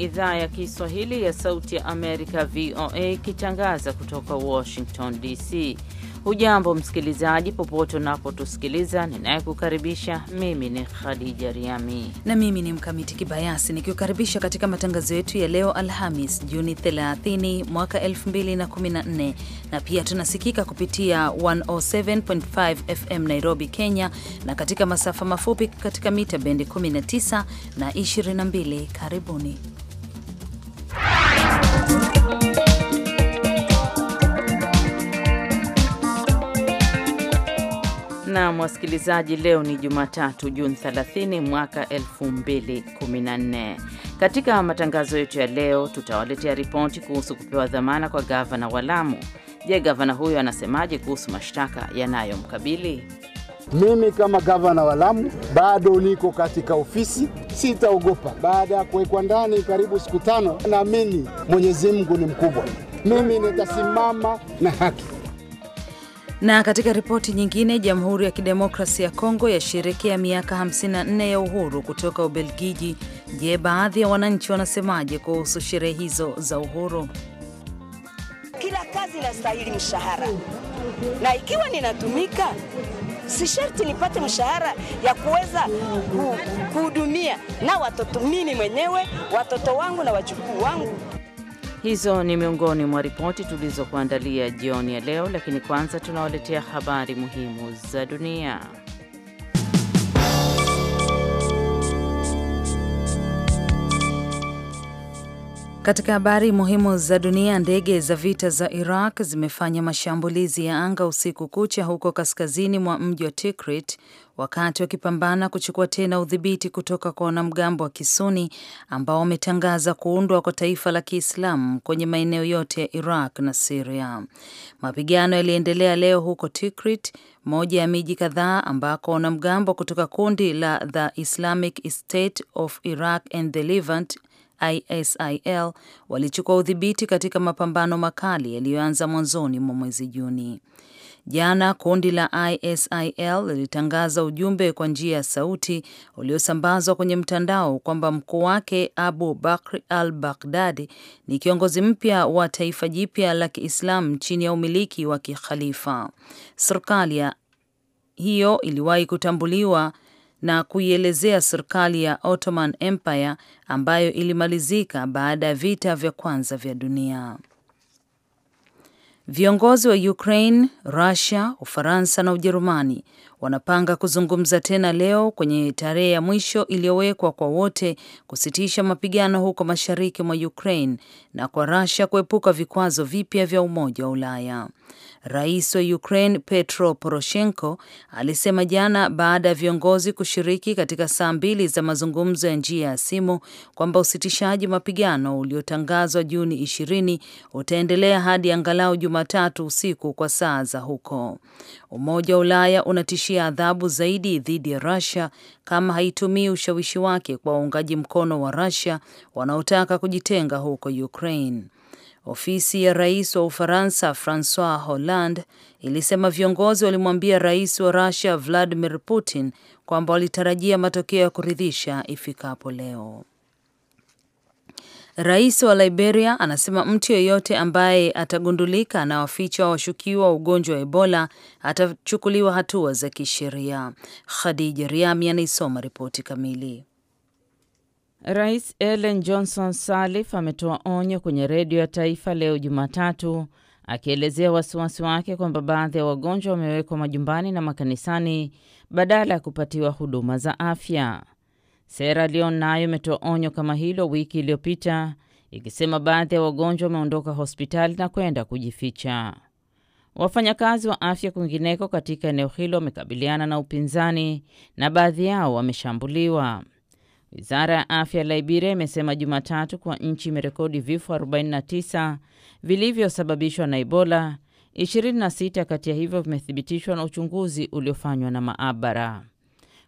idhaa ya Kiswahili ya Sauti ya Amerika, VOA, ikitangaza kutoka Washington DC. Hujambo msikilizaji, popote unapotusikiliza. Ninayekukaribisha mimi ni Khadija Riami na mimi ni Mkamiti Kibayasi, nikiukaribisha katika matangazo yetu ya leo Alhamis Juni 30 mwaka 2014, na pia tunasikika kupitia 107.5 FM Nairobi, Kenya, na katika masafa mafupi katika mita bendi 19 na 22. Karibuni. Nam wasikilizaji, leo ni Jumatatu, Juni 30 mwaka 2014. Katika matangazo yetu ya leo, tutawaletea ripoti kuhusu kupewa dhamana kwa gavana wa Lamu. Je, gavana huyo anasemaje kuhusu mashtaka yanayomkabili? Mimi kama gavana wa Lamu bado niko katika ofisi, sitaogopa. Baada ya kuwekwa ndani karibu siku tano, naamini Mwenyezi Mungu ni mkubwa, mimi nitasimama na haki. Na katika ripoti nyingine, Jamhuri ya kidemokrasi ya Kongo yasherekea miaka 54 ya uhuru kutoka Ubelgiji. Je, baadhi ya wananchi wanasemaje kuhusu sherehe hizo za uhuru? Kila kazi inastahili mshahara, na ikiwa ninatumika si sharti nipate mshahara ya kuweza kuhudumia na watoto mimi mwenyewe, watoto wangu na wajukuu wangu. Hizo ni miongoni mwa ripoti tulizokuandalia jioni ya leo, lakini kwanza tunawaletea habari muhimu za dunia. Katika habari muhimu za dunia, ndege za vita za Iraq zimefanya mashambulizi ya anga usiku kucha huko kaskazini mwa mji wa Tikrit wakati wakipambana kuchukua tena udhibiti kutoka kwa wanamgambo wa Kisuni ambao wametangaza kuundwa kwa taifa la Kiislamu kwenye maeneo yote ya Iraq na Siria. Mapigano yaliendelea leo huko Tikrit, moja ya miji kadhaa ambako wanamgambo kutoka kundi la The Islamic State of Iraq and the Levant ISIL walichukua udhibiti katika mapambano makali yaliyoanza mwanzoni mwa mwezi Juni. Jana kundi la ISIL lilitangaza ujumbe kwa njia ya sauti uliosambazwa kwenye mtandao kwamba mkuu wake Abu Bakr al Baghdadi ni kiongozi mpya wa taifa jipya la Kiislamu chini ya umiliki wa kikhalifa. Serikali hiyo iliwahi kutambuliwa na kuielezea serikali ya Ottoman Empire ambayo ilimalizika baada ya vita vya kwanza vya dunia. Viongozi wa Ukraine, Russia, Ufaransa na Ujerumani wanapanga kuzungumza tena leo kwenye tarehe ya mwisho iliyowekwa kwa wote kusitisha mapigano huko mashariki mwa Ukraine na kwa Russia kuepuka vikwazo vipya vya Umoja wa Ulaya. Rais wa Ukraine Petro Poroshenko alisema jana baada ya viongozi kushiriki katika saa mbili za mazungumzo ya njia ya simu kwamba usitishaji mapigano uliotangazwa Juni 20 utaendelea hadi angalau Jumatatu usiku kwa saa za huko. Umoja wa Ulaya unatishia adhabu zaidi dhidi ya Russia kama haitumii ushawishi wake kwa waungaji mkono wa Russia wanaotaka kujitenga huko Ukraine. Ofisi ya rais wa Ufaransa Francois Hollande ilisema viongozi walimwambia rais wa Rusia Vladimir Putin kwamba walitarajia matokeo ya kuridhisha ifikapo leo. Rais wa Liberia anasema mtu yeyote ambaye atagundulika na waficha washukiwa wa ugonjwa wa Ebola atachukuliwa hatua za kisheria. Khadija Riami anaisoma ripoti kamili. Rais Ellen Johnson Sirleaf ametoa onyo kwenye redio ya taifa leo Jumatatu, akielezea wasiwasi wake kwamba baadhi ya wagonjwa wamewekwa majumbani na makanisani badala ya kupatiwa huduma za afya. Sierra Leone nayo imetoa onyo kama hilo wiki iliyopita, ikisema baadhi ya wagonjwa wameondoka hospitali na kwenda kujificha. Wafanyakazi wa afya kwingineko katika eneo hilo wamekabiliana na upinzani na baadhi yao wameshambuliwa. Wizara ya afya ya Liberia imesema Jumatatu kuwa nchi imerekodi vifo 49 vilivyosababishwa na Ebola. 26 kati ya hivyo vimethibitishwa na uchunguzi uliofanywa na maabara.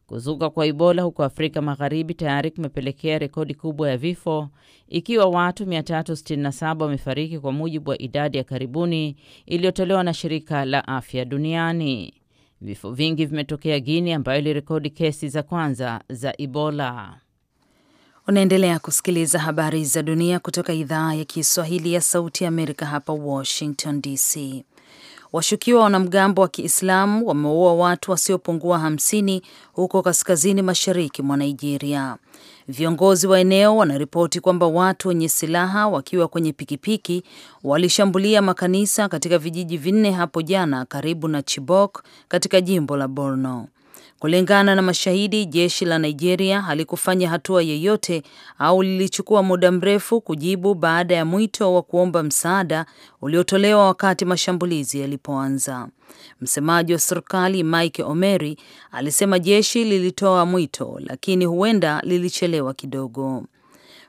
Kuzuka kwa Ebola huko Afrika Magharibi tayari kumepelekea rekodi kubwa ya vifo, ikiwa watu 367 wamefariki kwa mujibu wa idadi ya karibuni iliyotolewa na Shirika la Afya Duniani. Vifo vingi vimetokea Guinea ambayo ilirekodi kesi za kwanza za Ebola. Unaendelea kusikiliza habari za dunia kutoka idhaa ya Kiswahili ya Sauti ya Amerika hapa Washington DC. Washukiwa wanamgambo wa Kiislamu wameua watu wasiopungua hamsini huko kaskazini mashariki mwa Nigeria. Viongozi wa eneo wanaripoti kwamba watu wenye silaha wakiwa kwenye pikipiki walishambulia makanisa katika vijiji vinne hapo jana karibu na Chibok katika jimbo la Borno. Kulingana na mashahidi, jeshi la Nigeria halikufanya hatua yeyote au lilichukua muda mrefu kujibu baada ya mwito wa kuomba msaada uliotolewa wakati mashambulizi yalipoanza. Msemaji wa serikali Mike Omeri alisema jeshi lilitoa mwito, lakini huenda lilichelewa kidogo.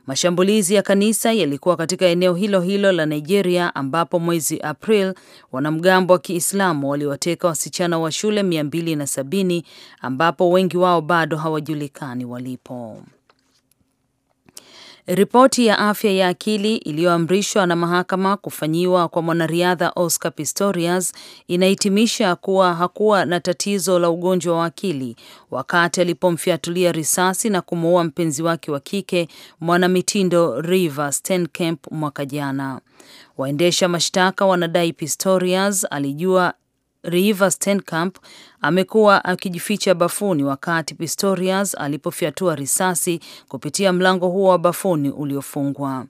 Mashambulizi ya kanisa yalikuwa katika eneo hilo hilo la Nigeria ambapo mwezi April wanamgambo wa Kiislamu waliwateka wasichana wa shule 270 ambapo wengi wao bado hawajulikani walipo. Ripoti ya afya ya akili iliyoamrishwa na mahakama kufanyiwa kwa mwanariadha Oscar Pistorius inahitimisha kuwa hakuwa na tatizo la ugonjwa wa akili wakati alipomfyatulia risasi na kumuua mpenzi wake wa kike mwanamitindo Reeva Steenkamp mwaka jana. Waendesha mashtaka wanadai Pistorius alijua Reeva Steenkamp amekuwa akijificha bafuni wakati Pistorius alipofyatua risasi kupitia mlango huo wa bafuni uliofungwa.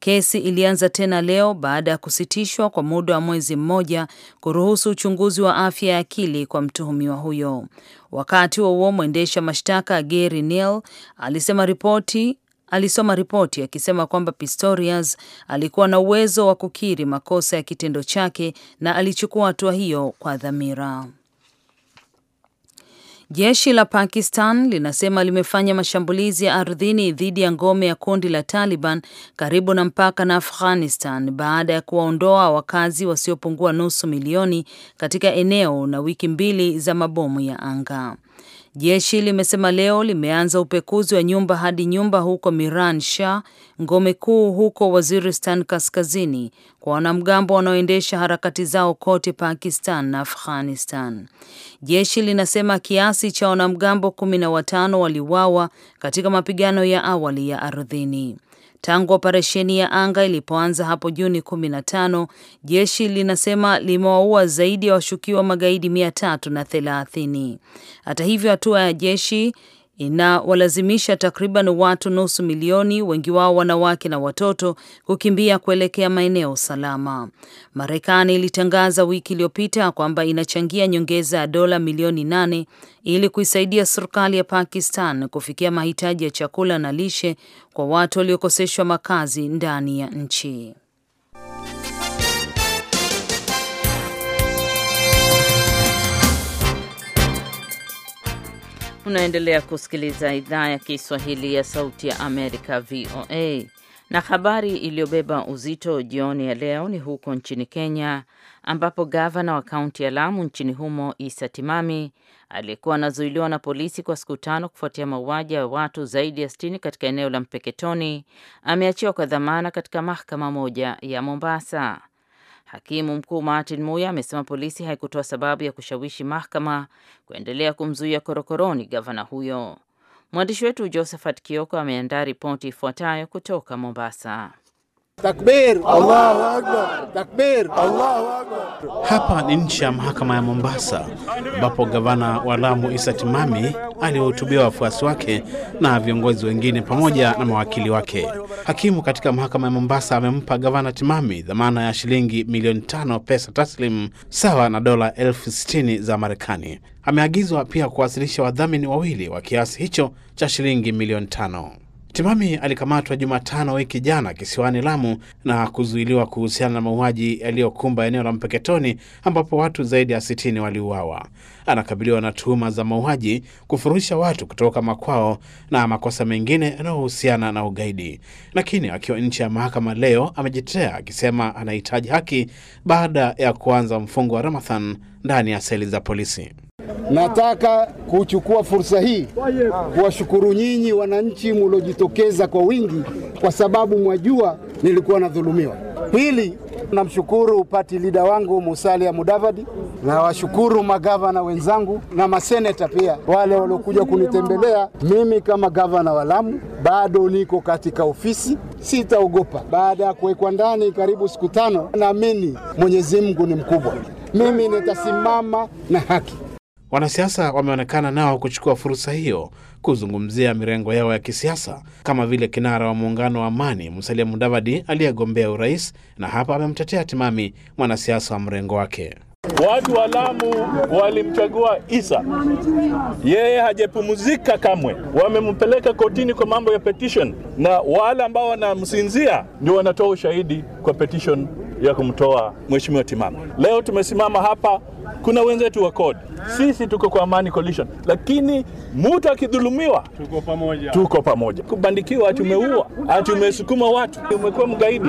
Kesi ilianza tena leo baada ya kusitishwa kwa muda wa mwezi mmoja kuruhusu uchunguzi wa afya ya akili kwa mtuhumiwa huyo. Wakati huo huo, mwendesha mashtaka Gary Neal alisema ripoti alisoma ripoti akisema kwamba Pistorius alikuwa na uwezo wa kukiri makosa ya kitendo chake na alichukua hatua hiyo kwa dhamira. Jeshi la Pakistan linasema limefanya mashambulizi ya ardhini dhidi ya ngome ya kundi la Taliban karibu na mpaka na Afghanistan baada ya kuwaondoa wakazi wasiopungua nusu milioni katika eneo na wiki mbili za mabomu ya anga. Jeshi limesema leo limeanza upekuzi wa nyumba hadi nyumba huko Miran Shah, ngome kuu huko Waziristan Kaskazini, kwa wanamgambo wanaoendesha harakati zao kote Pakistan na Afghanistan. Jeshi linasema kiasi cha wanamgambo kumi na watano waliuawa katika mapigano ya awali ya ardhini. Tangu operesheni ya anga ilipoanza hapo Juni 15, jeshi linasema limewaua zaidi ya washukiwa magaidi mia tatu na thelathini. Hata hivyo, hatua ya jeshi inawalazimisha takriban watu nusu milioni, wengi wao wanawake na watoto, kukimbia kuelekea maeneo salama. Marekani ilitangaza wiki iliyopita kwamba inachangia nyongeza ya dola milioni nane ili kuisaidia serikali ya Pakistan kufikia mahitaji ya chakula na lishe kwa watu waliokoseshwa makazi ndani ya nchi. Unaendelea kusikiliza idhaa ya Kiswahili ya Sauti ya Amerika, VOA. Na habari iliyobeba uzito jioni ya leo ni huko nchini Kenya, ambapo gavana wa kaunti ya Lamu nchini humo Isa Timami aliyekuwa anazuiliwa na polisi kwa siku tano kufuatia mauaji ya watu zaidi ya sitini katika eneo la Mpeketoni ameachiwa kwa dhamana katika mahakama moja ya Mombasa. Hakimu mkuu Martin Muya amesema polisi haikutoa sababu ya kushawishi mahakama kuendelea kumzuia korokoroni gavana huyo. Mwandishi wetu Josephat Kioko ameandaa ripoti ifuatayo kutoka Mombasa. Takbir! Allahu Akbar! Takbir! Allahu Akbar! Hapa ni nchi ya mahakama ya Mombasa ambapo gavana wa Lamu Issa Timami aliwahutubia wafuasi wake na viongozi wengine pamoja na mawakili wake. Hakimu katika mahakama ya Mombasa amempa gavana Timami dhamana ya shilingi milioni tano pesa taslim sawa na dola elfu sitini za Marekani. Ameagizwa pia kuwasilisha wadhamini wawili wa kiasi hicho cha shilingi milioni tano. Timami alikamatwa Jumatano wiki jana kisiwani Lamu na kuzuiliwa kuhusiana na mauaji yaliyokumba eneo la Mpeketoni ambapo watu zaidi ya 60 waliuawa. Anakabiliwa na tuhuma za mauaji, kufurusha watu kutoka makwao na makosa mengine yanayohusiana na ugaidi, lakini akiwa nchi ya mahakama leo amejitetea akisema anahitaji haki baada ya kuanza mfungo wa Ramadhan ndani ya seli za polisi. Nataka kuchukua fursa hii kuwashukuru nyinyi wananchi mliojitokeza kwa wingi, kwa sababu mwajua nilikuwa nadhulumiwa. Pili, namshukuru upati lida wangu Musalia Mudavadi, na washukuru magavana wenzangu na maseneta pia, wale waliokuja kunitembelea mimi. Kama gavana wa Lamu bado niko katika ofisi, sitaogopa. Baada ya kuwekwa ndani karibu siku tano, naamini Mwenyezi Mungu ni mkubwa. Mimi nitasimama na haki. Wanasiasa wameonekana nao kuchukua fursa hiyo kuzungumzia mirengo yao ya kisiasa, kama vile kinara wa muungano wa Amani Musalia Mudavadi aliyegombea urais, na hapa amemtetea Timami, mwanasiasa wa mrengo wake. Watu wa Lamu walimchagua Isa, yeye hajapumzika kamwe, wamempeleka kotini kwa mambo ya petition, na wale ambao wanamsinzia ndio wanatoa ushahidi kwa petition ya kumtoa mheshimiwa Timami. Leo tumesimama hapa kuna wenzetu wa CORD, sisi tuko kwa Amani Coalition, lakini mtu akidhulumiwa tuko pamoja, tuko pamoja. Kubandikiwa ati umeua ati ah, umesukuma watu umekuwa mgaidi,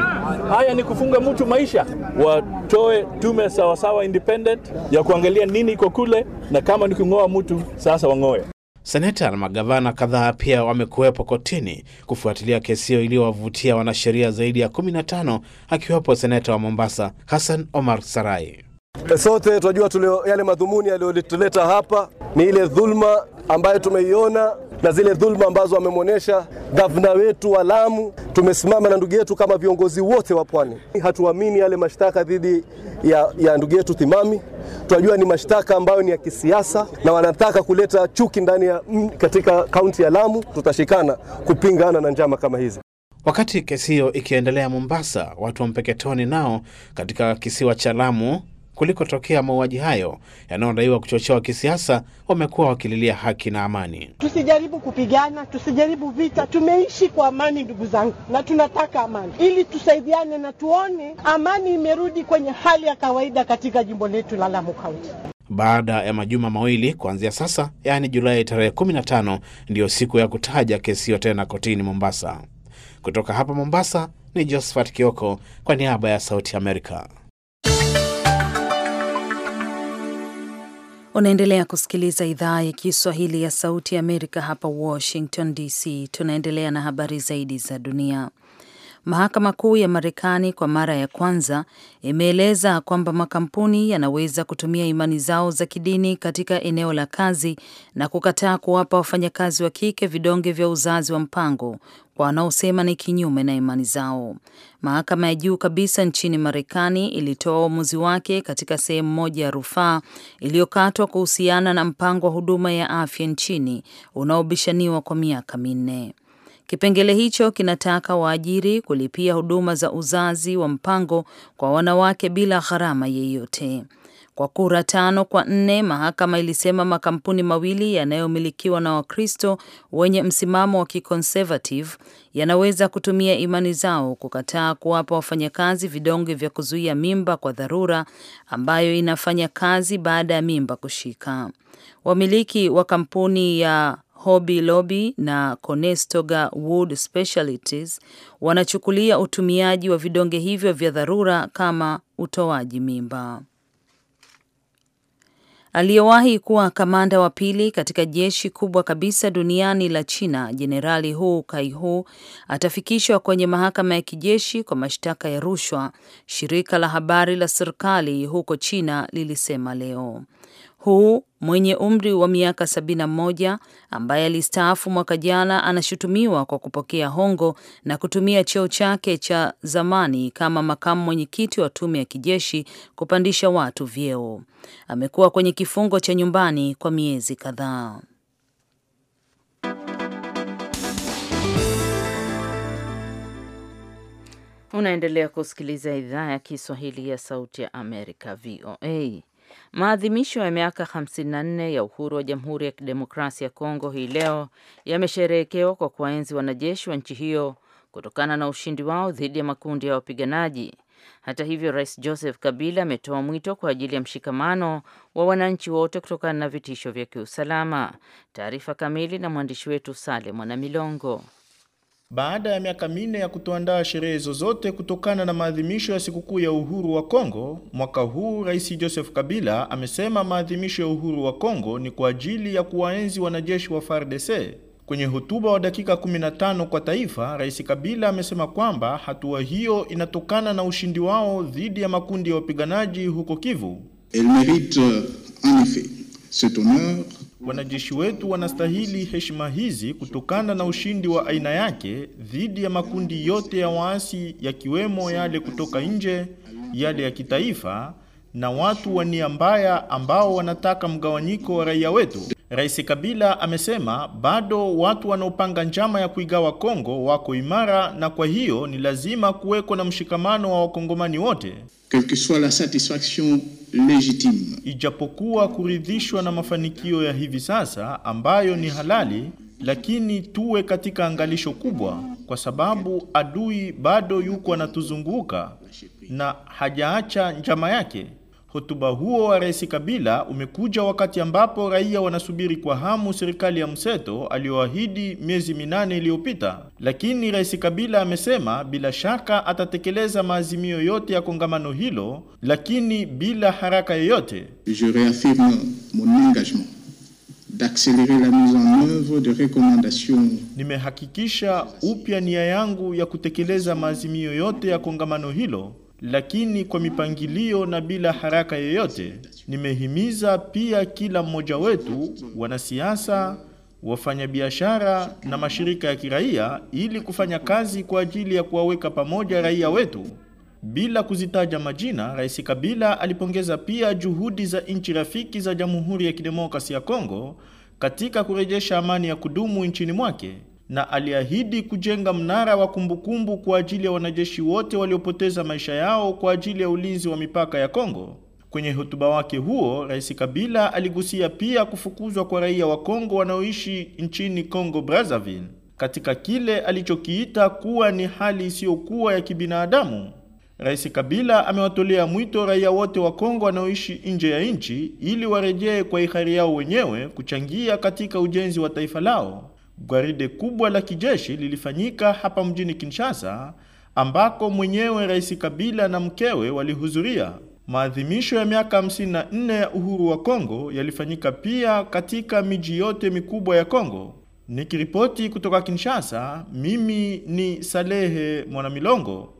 haya ni kufunga mtu maisha. Watoe tume sawasawa independent ya kuangalia nini iko kule, na kama ni kung'oa mtu sasa wang'oe. Seneta na magavana kadhaa pia wamekuwepo kotini kufuatilia kesi hiyo iliyowavutia wanasheria zaidi ya 15 akiwapo seneta wa Mombasa Hassan Omar Sarai. Sote tunajua tulio, yale madhumuni yaliyotuleta hapa ni ile dhulma ambayo tumeiona na zile dhulma ambazo amemwonyesha gavana wetu wa Lamu. Tumesimama na ndugu yetu kama viongozi wote wa pwani. Hatuamini yale mashtaka dhidi ya, ya ndugu yetu Thimami. Tunajua ni mashtaka ambayo ni ya kisiasa na wanataka kuleta chuki ndani ya mm, katika kaunti ya Lamu. Tutashikana kupingana na njama kama hizi. Wakati kesi hiyo ikiendelea Mombasa, watu wa Mpeketoni nao katika kisiwa cha Lamu kulikotokea mauaji hayo yanayodaiwa kuchochewa kisiasa, wamekuwa wakililia haki na amani. Tusijaribu kupigana, tusijaribu vita. Tumeishi kwa amani, ndugu zangu, na tunataka amani ili tusaidiane na tuone amani imerudi kwenye hali ya kawaida katika jimbo letu la Lamu Kaunti. Baada ya majuma mawili kuanzia sasa, yaani Julai tarehe 15 ndiyo siku ya kutaja kesi hiyo tena kotini Mombasa. Kutoka hapa Mombasa ni Josephat Kioko kwa niaba ya Sauti Amerika. Unaendelea kusikiliza idhaa ya Kiswahili ya Sauti ya Amerika hapa Washington DC. Tunaendelea na habari zaidi za dunia. Mahakama Kuu ya Marekani kwa mara ya kwanza imeeleza kwamba makampuni yanaweza kutumia imani zao za kidini katika eneo la kazi na kukataa kuwapa wafanyakazi wa kike vidonge vya uzazi wa mpango kwa wanaosema ni kinyume na imani zao. Mahakama ya juu kabisa nchini Marekani ilitoa uamuzi wake katika sehemu moja ya rufaa iliyokatwa kuhusiana na mpango wa huduma ya afya nchini unaobishaniwa kwa miaka minne. Kipengele hicho kinataka waajiri kulipia huduma za uzazi wa mpango kwa wanawake bila gharama yeyote. Kwa kura tano kwa nne, mahakama ilisema makampuni mawili yanayomilikiwa na Wakristo wenye msimamo wa kiconservative yanaweza kutumia imani zao kukataa kuwapa wafanyakazi vidonge vya kuzuia mimba kwa dharura ambayo inafanya kazi baada ya mimba kushika. Wamiliki wa kampuni ya Hobby Lobby na Conestoga Wood Specialties wanachukulia utumiaji wa vidonge hivyo vya dharura kama utoaji mimba. Aliyewahi kuwa kamanda wa pili katika jeshi kubwa kabisa duniani la China, Jenerali Hu Kaihu atafikishwa kwenye mahakama ya kijeshi kwa mashtaka ya rushwa, shirika la habari la serikali huko China lilisema leo. Hu mwenye umri wa miaka 71 ambaye alistaafu mwaka jana anashutumiwa kwa kupokea hongo na kutumia cheo chake cha zamani kama makamu mwenyekiti wa tume ya kijeshi kupandisha watu vyeo. Amekuwa kwenye kifungo cha nyumbani kwa miezi kadhaa. Unaendelea kusikiliza idhaa ya Kiswahili ya Sauti ya Amerika, VOA. Maadhimisho ya miaka 54 ya uhuru wa Jamhuri ya Kidemokrasia ya Kongo hii leo yamesherehekewa kwa kuwaenzi wanajeshi wa nchi hiyo kutokana na ushindi wao dhidi ya makundi ya wapiganaji. Hata hivyo, Rais Joseph Kabila ametoa mwito kwa ajili ya mshikamano wa wananchi wote kutokana na vitisho vya kiusalama. Taarifa kamili na mwandishi wetu Sale Mwanamilongo baada ya miaka minne ya kutoandaa sherehe zozote kutokana na maadhimisho ya sikukuu ya uhuru wa Kongo, mwaka huu Rais Joseph Kabila amesema maadhimisho ya uhuru wa Kongo ni kwa ajili ya kuwaenzi wanajeshi wa FARDC. Kwenye hotuba wa dakika 15 kwa taifa, Rais Kabila amesema kwamba hatua hiyo inatokana na ushindi wao dhidi ya makundi ya wapiganaji huko Kivu. Elle mérite euh, en effet cet honneur Wanajeshi wetu wanastahili heshima hizi kutokana na ushindi wa aina yake dhidi ya makundi yote ya waasi yakiwemo yale kutoka nje, yale ya kitaifa na watu wa nia mbaya ambao wanataka mgawanyiko wa raia wetu. Rais Kabila amesema bado watu wanaopanga njama ya kuigawa Kongo wako imara na kwa hiyo ni lazima kuweko na mshikamano wa wakongomani wote. soit la satisfaction légitime. Ijapokuwa kuridhishwa na mafanikio ya hivi sasa ambayo ni halali, lakini tuwe katika angalisho kubwa kwa sababu adui bado yuko anatuzunguka na hajaacha njama yake. Hotuba huo wa Rais Kabila umekuja wakati ambapo raia wanasubiri kwa hamu serikali ya mseto aliyoahidi miezi minane iliyopita, lakini Rais Kabila amesema bila shaka atatekeleza maazimio yote ya kongamano hilo, lakini bila haraka yoyote. Je reaffirme mon engagement d'accelerer la mise en de recommandations. Nimehakikisha upya nia yangu ya kutekeleza maazimio yote ya kongamano hilo lakini kwa mipangilio na bila haraka yoyote. Nimehimiza pia kila mmoja wetu, wanasiasa, wafanyabiashara na mashirika ya kiraia, ili kufanya kazi kwa ajili ya kuwaweka pamoja raia wetu. Bila kuzitaja majina, Rais Kabila alipongeza pia juhudi za nchi rafiki za Jamhuri ya Kidemokrasia ya Kongo katika kurejesha amani ya kudumu nchini mwake na aliahidi kujenga mnara wa kumbukumbu kwa ajili ya wanajeshi wote waliopoteza maisha yao kwa ajili ya ulinzi wa mipaka ya Kongo. Kwenye hotuba wake huo, Rais Kabila aligusia pia kufukuzwa kwa raia wa Kongo wanaoishi nchini Kongo Brazzaville katika kile alichokiita kuwa ni hali isiyokuwa ya kibinadamu. Rais Kabila amewatolea mwito raia wote wa Kongo wanaoishi nje ya nchi ili warejee kwa hiari yao wenyewe kuchangia katika ujenzi wa taifa lao. Gwaride kubwa la kijeshi lilifanyika hapa mjini Kinshasa ambako mwenyewe Rais Kabila na mkewe walihudhuria. Maadhimisho ya miaka 54 ya uhuru wa Kongo yalifanyika pia katika miji yote mikubwa ya Kongo. Nikiripoti kutoka Kinshasa, mimi ni Salehe Mwanamilongo.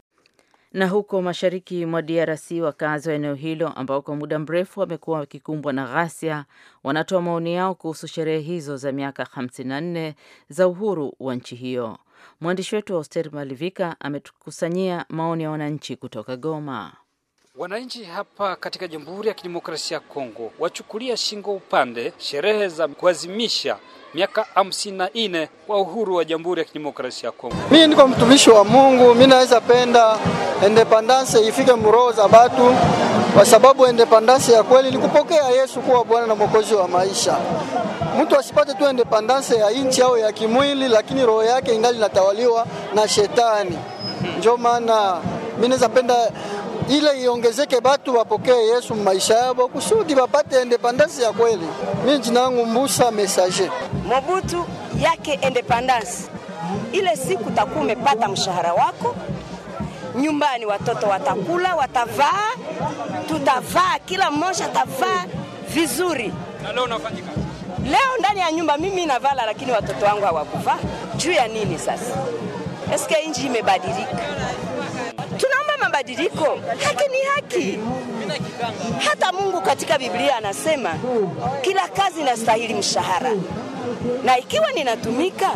Na huko mashariki mwa DRC, wakazi wa eneo hilo ambao kwa muda mrefu wamekuwa wakikumbwa na ghasia wanatoa maoni yao kuhusu sherehe hizo za miaka 54 za uhuru wa nchi hiyo. Mwandishi wetu wa Hoster Malivika ametukusanyia maoni ya wananchi kutoka Goma. Wananchi hapa katika Jamhuri ya Kidemokrasia ya Kongo wachukulia shingo upande sherehe za kuazimisha miaka hamsini na nne kwa uhuru wa Jamhuri ya Kidemokrasia ya Kongo. Mimi niko mtumishi wa Mungu, mimi naweza penda independence ifike muroho za batu, kwa sababu independence ya kweli ni kupokea Yesu kuwa Bwana na Mwokozi wa maisha. Mtu asipate tu independence ya nchi au ya kimwili, lakini roho yake ingali inatawaliwa na shetani. Ndio maana mimi naweza penda ile iongezeke, batu wapokee Yesu maisha yabo kusudi wapate independence ya kweli. Mimi jina langu Mbusa Messager. Mobutu yake independence, ile siku utakuwa umepata mshahara wako nyumbani, watoto watakula, watavaa, tutavaa, kila mmoja atavaa vizuri. Na leo unafanya kazi leo ndani ya nyumba mimi navala, lakini watoto wangu hawakuvaa. Juu ya nini sasa? Eske inji imebadilika? mabadiliko, haki ni haki. Hata Mungu katika Biblia anasema kila kazi inastahili mshahara, na ikiwa ninatumika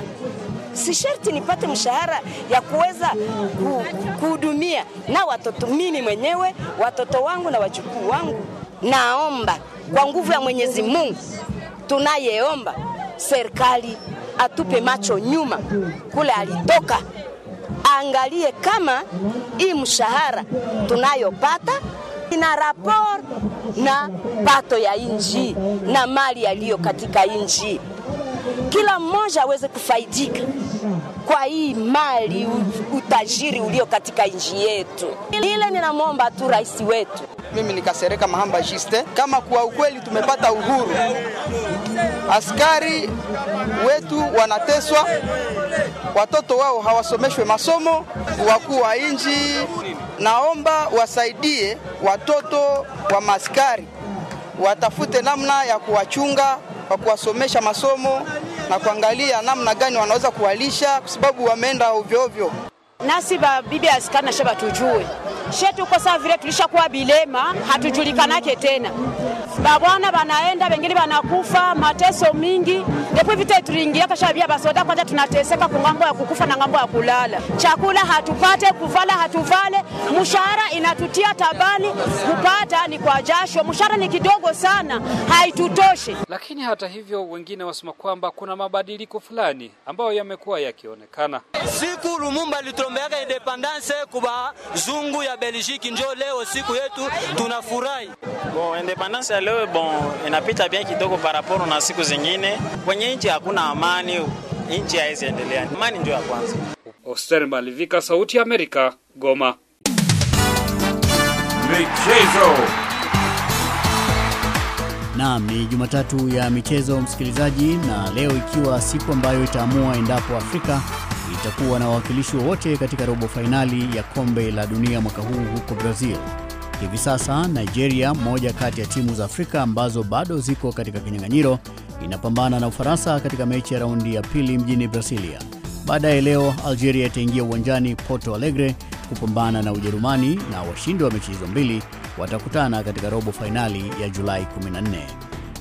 si sharti nipate mshahara ya kuweza kuhudumia na watoto mimi mwenyewe, watoto wangu na wajukuu wangu. Naomba kwa nguvu ya Mwenyezi Mungu tunayeomba serikali atupe macho nyuma kule alitoka aangalie kama hii mshahara tunayopata ina rapport na pato ya inji na mali yaliyo katika inji, kila mmoja aweze kufaidika kwa hii mali utajiri ulio katika nchi yetu. Ile ninamwomba tu rais wetu. Mimi nikasereka Mahamba Jiste, kama kwa ukweli tumepata uhuru askari wetu wanateswa, watoto wao hawasomeshwe masomo. Wakuu wa nchi, naomba wasaidie watoto wa maskari, watafute namna ya kuwachunga kwa kuwasomesha masomo na kuangalia namna gani wanaweza kuwalisha, kwa sababu wameenda ovyo ovyo. Nasi bibi askari na shaba tujue shetu kwa saa vile tulishakuwa bilema, hatujulikanake tena. Babwana banaenda bengine banakufa, mateso mingi depo vita tuliingia bia basoda kwanza, tunateseka ngambo ya kukufa na ngambo ya kulala, chakula hatupate, kuvala hatuvale, mshahara inatutia tabani, kupata ni kwa jasho, mshahara ni kidogo sana, haitutoshi Lakini hata hivyo, wengine wasema kwamba kuna mabadiliko fulani ambayo yamekuwa yakionekana. Siku Lumumba alitrombeaka independence kuba zungu ya Belgique njo leo siku yetu tunafurahi. Bon, independence ya leo bon inapita bien kidogo par rapport na siku zingine. Kwenye nchi hakuna amani, nchi haizi endelea. Amani ndio ya kwanza. Oster Malivika, Sauti ya Amerika, Goma. Michezo. Naam, ni Jumatatu ya michezo msikilizaji, na leo ikiwa siku ambayo itaamua endapo Afrika itakuwa na wawakilishi wote katika robo fainali ya kombe la dunia mwaka huu huko Brazil. Hivi sasa Nigeria, moja kati ya timu za Afrika ambazo bado ziko katika kinyang'anyiro, inapambana na Ufaransa katika mechi ya raundi ya pili mjini Brasilia. Baadaye leo Algeria itaingia uwanjani Porto Alegre kupambana na Ujerumani, na washindi wa mechi hizo mbili watakutana katika robo fainali ya Julai 14.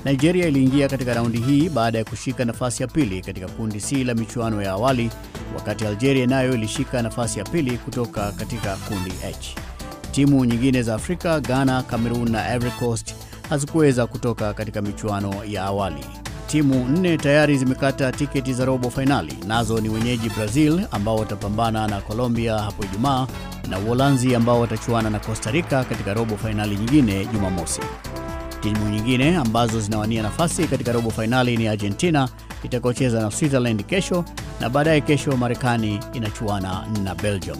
Nigeria iliingia katika raundi hii baada ya kushika nafasi ya pili katika kundi C la michuano ya awali wakati Algeria nayo ilishika nafasi ya pili kutoka katika kundi H. Timu nyingine za Afrika, Ghana, Cameroon na Ivory Coast hazikuweza kutoka katika michuano ya awali. Timu nne tayari zimekata tiketi za robo fainali, nazo ni wenyeji Brazil ambao watapambana na Colombia hapo Ijumaa na Uholanzi ambao watachuana na Costa Rica katika robo fainali nyingine Jumamosi. Timu nyingine ambazo zinawania nafasi katika robo fainali ni Argentina itakaocheza na Switzerland kesho na baadaye kesho Marekani inachuana na Belgium.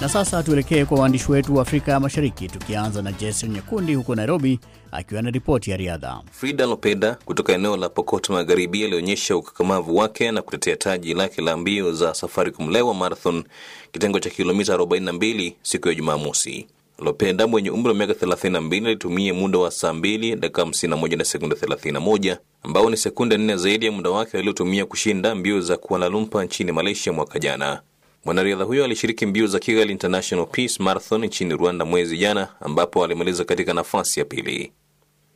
Na sasa tuelekee kwa waandishi wetu wa Afrika ya Mashariki, tukianza na Jason nyekundi huko Nairobi akiwa na ripoti ya riadha. Frida Lopeda kutoka eneo la Pokot Magharibi alionyesha ukakamavu wake na kutetea taji lake la mbio za Safaricom Lewa Marathon, kitengo cha kilomita 42 siku ya Jumamosi. Lopenda mwenye umri wa miaka 32 alitumia muda wa saa 2 dakika 51 na sekunde 31 ambao ni sekunde nne zaidi ya muda wake aliotumia kushinda mbio za Kuala Lumpur nchini Malaysia mwaka jana. Mwanariadha huyo alishiriki mbio za Kigali International Peace Marathon nchini Rwanda mwezi jana ambapo alimaliza katika nafasi ya pili.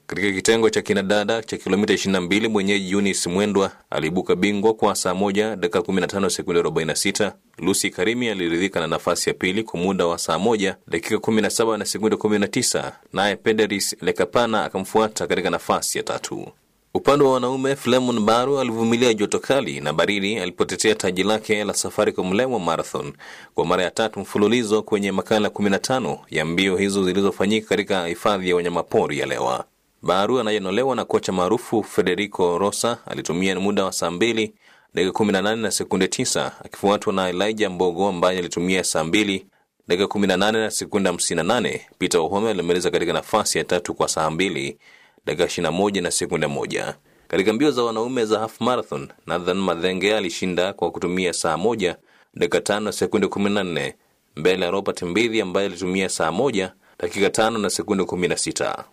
Katika kitengo cha kinadada cha kilomita 22 mwenyeji yunis Mwendwa aliibuka bingwa kwa saa moja dakika 15 sekunde 46. Lucy Karimi aliridhika na nafasi ya pili kwa muda wa saa moja dakika 17 na sekunde 19, naye Pederis Lekapana akamfuata katika nafasi ya tatu. Upande wa wanaume, Flemon Baru alivumilia joto kali na baridi alipotetea taji lake la safari kwa Lewa Marathon kwa mara ya tatu mfululizo kwenye makala 15 ya mbio hizo zilizofanyika katika hifadhi ya wanyamapori ya Lewa. Baru anayenolewa na kocha maarufu Federico Rosa alitumia muda wa saa mbili dakika kumi na sekunde tisa akifuatwa na Elijah Mbogo ambaye alitumia saa mbili dakika kumi na sekunde nane. Peter Ohome alimaliza katika nafasi ya tatu kwa saa mbili dakika 21 na sekunde moja. Katika mbio za wanaume za half marathon, Nathan Madhenge alishinda kwa kutumia saa moja dakika tano na sekunde 14 mbele ya Robert Mbidhi ambaye alitumia saa moja dakika tano na sekunde 16.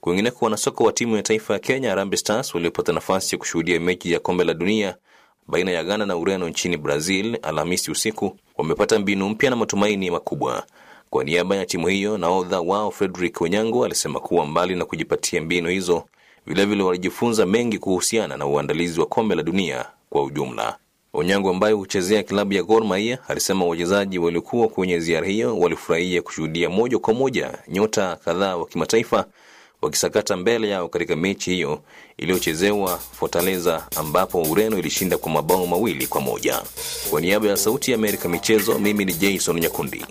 Kwingineko, wanasoka wa timu ya taifa ya Kenya Harambee Stars waliopata nafasi ya kushuhudia mechi ya kombe la dunia baina ya Ghana na Ureno nchini Brazil Alhamisi usiku wamepata mbinu mpya na matumaini makubwa. Kwa niaba ya timu hiyo, naodha wao Frederick Onyango alisema kuwa mbali na kujipatia mbinu hizo, vilevile walijifunza mengi kuhusiana na uandalizi wa kombe la dunia kwa ujumla. Onyango ambaye huchezea klabu ya Gor Mahia alisema wachezaji waliokuwa kwenye ziara hiyo walifurahia kushuhudia moja kwa moja nyota kadhaa wa kimataifa wakisakata mbele yao katika mechi hiyo iliyochezewa Fortaleza, ambapo Ureno ilishinda kwa mabao mawili kwa moja. Kwa niaba ya Sauti ya Amerika michezo, mimi ni Jason Nyakundi.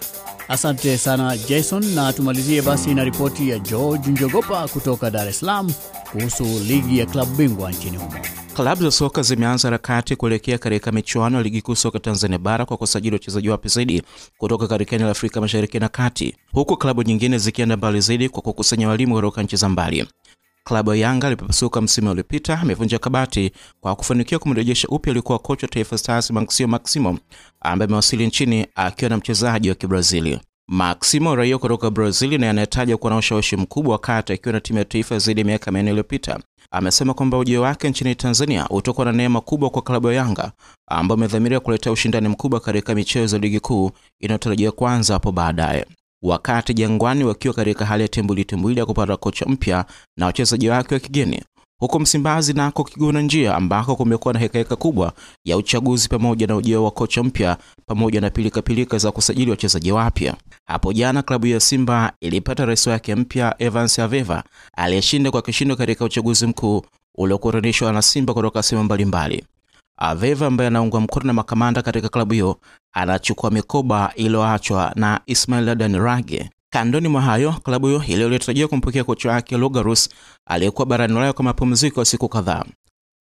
Asante sana Jason, na tumalizie basi na ripoti ya George Njogopa kutoka Dar es Salaam kuhusu ligi ya klabu bingwa nchini humo. Klabu za soka zimeanza harakati kuelekea katika michuano ya ligi kuu soka Tanzania bara kwa kusajili wachezaji wapya zaidi kutoka katika eneo la Afrika mashariki na kati, huku klabu nyingine zikienda mbali zaidi kwa kukusanya walimu kutoka nchi za mbali klabu ya Yanga ilipopasuka msimu uliopita amevunja kabati kwa kufanikiwa kumrejesha upya aliyekuwa kocha wa Taifa Stars Maximo Maximo ambaye amewasili nchini akiwa na mchezaji wa Kibrazili. Maximo raia kutoka Brazil na anayetaja kuwa na ushawishi mkubwa wakati akiwa na timu ya taifa zaidi ya miaka minne iliyopita, amesema kwamba ujio wake nchini Tanzania utakuwa na neema kubwa kwa klabu ya Yanga ambayo imedhamiria kuleta ushindani mkubwa katika michezo ya ligi kuu inayotarajiwa kuanza hapo baadaye wakati Jangwani wakiwa katika hali ya tembwilitembwili ya kupata kocha mpya na wachezaji wake wa kigeni, huko Msimbazi nako kiguna njia ambako kumekuwa na hekaheka kubwa ya uchaguzi pamoja na ujio wa kocha mpya pamoja na pilikapilika za kusajili wachezaji wapya. Hapo jana klabu ya Simba ilipata rais wake mpya Evans Aveva aliyeshinda kwa kishindo katika uchaguzi mkuu uliokutanishwa na Simba kutoka sehemu mbalimbali. Aveva ambaye anaungwa mkono na makamanda katika klabu hiyo anachukua mikoba iliyoachwa na Ismail rage Kandoni mwa hayo, klabu hiyo ile iliyotarajiwa kumpokea kocha wake Logarus aliyekuwa barani Ulaya kwa mapumziko ya siku kadhaa.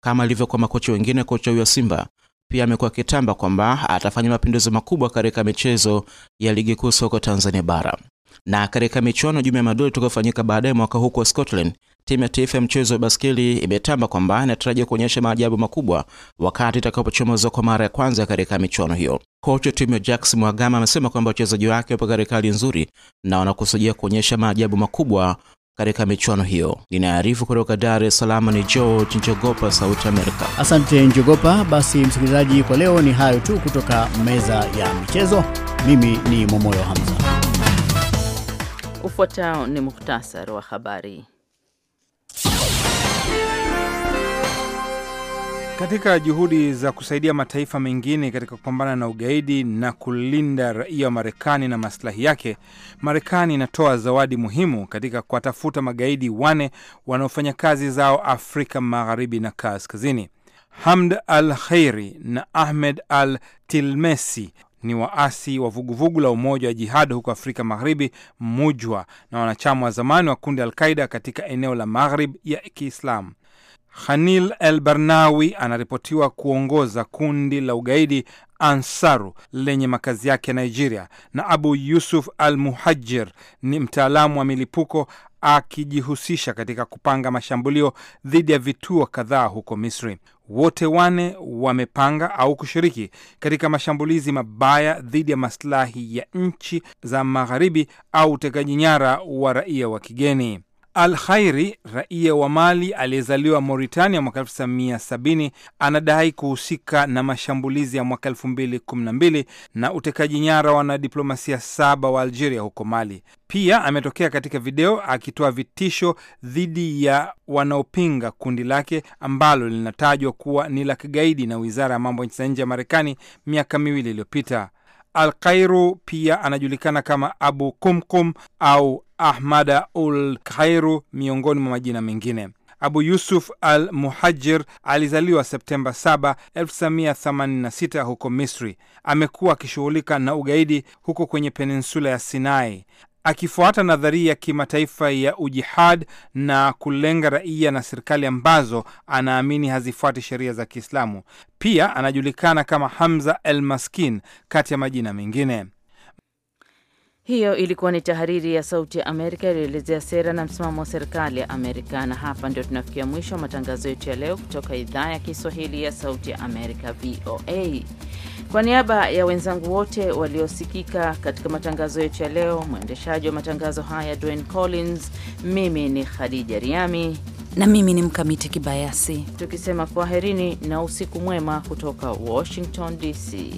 Kama alivyokuwa makocha wengine, kocha huyo Simba pia amekuwa kitamba kwamba atafanya mapinduzi makubwa katika michezo ya ligi kuu soko Tanzania bara. Na katika michuano juma ya madoli itakayofanyika baadaye mwaka huu kwa Scotland, timu ya taifa ya mchezo wa baskeli imetamba kwamba inatarajia kuonyesha maajabu makubwa wakati itakapochomoza kwa mara ya kwanza katika michuano hiyo. Kocha wa timu ya Jacks Mwagama amesema kwamba wachezaji wake wapo katika hali nzuri na wanakusudia kuonyesha maajabu makubwa katika michuano hiyo. Ninaarifu kutoka Dar es Salaam ni George Njogopa, Sauti Amerika. Asante Njogopa. Basi msikilizaji, kwa leo ni hayo tu kutoka meza ya michezo. Mimi ni Momoyo Hamza. Ufuatao ni muhtasari wa habari. Katika juhudi za kusaidia mataifa mengine katika kupambana na ugaidi na kulinda raia wa Marekani na maslahi yake, Marekani inatoa zawadi muhimu katika kuwatafuta magaidi wane wanaofanya kazi zao Afrika Magharibi na Kaskazini. Hamd al Khairi na Ahmed al Tilmesi ni waasi wa vuguvugu la umoja wa jihad huko Afrika Magharibi, Mujwa, na wanachama wa zamani wa kundi Alqaida katika eneo la Maghrib ya Kiislamu. Hanil El Barnawi anaripotiwa kuongoza kundi la ugaidi Ansaru lenye makazi yake Nigeria, na Abu Yusuf Al Muhajir ni mtaalamu wa milipuko akijihusisha katika kupanga mashambulio dhidi ya vituo kadhaa huko Misri. Wote wane wamepanga au kushiriki katika mashambulizi mabaya dhidi ya maslahi ya nchi za Magharibi au utekaji nyara wa raia wa kigeni. Al Khairi, raia wa Mali aliyezaliwa Mauritania mwaka 1970 anadai kuhusika na mashambulizi ya mwaka 2012 na utekaji nyara wanadiplomasia saba wa Algeria huko Mali. Pia ametokea katika video akitoa vitisho dhidi ya wanaopinga kundi lake ambalo linatajwa kuwa ni la kigaidi na wizara ya mambo ya nchi za nje ya Marekani miaka miwili iliyopita. Alkhairu pia anajulikana kama Abu Kumkum au Ahmada ul Khairu, miongoni mwa majina mengine. Abu Yusuf al Muhajir alizaliwa Septemba 7, 1986 huko Misri. Amekuwa akishughulika na ugaidi huko kwenye peninsula ya Sinai, akifuata nadharia ya kimataifa ya ujihad na kulenga raia na serikali ambazo anaamini hazifuati sheria za Kiislamu. Pia anajulikana kama Hamza el Maskin, kati ya majina mengine. Hiyo ilikuwa ni tahariri ya Sauti ya Amerika iliyoelezea sera na msimamo wa serikali ya Amerika. Na hapa ndio tunafikia mwisho wa matangazo yetu ya leo kutoka idhaa ya Kiswahili ya Sauti ya Amerika, VOA. Kwa niaba ya wenzangu wote waliosikika katika matangazo yetu ya leo, mwendeshaji wa matangazo haya Dwayne Collins, mimi ni Khadija Riami na mimi ni Mkamiti Kibayasi, tukisema kwaherini na usiku mwema kutoka Washington DC.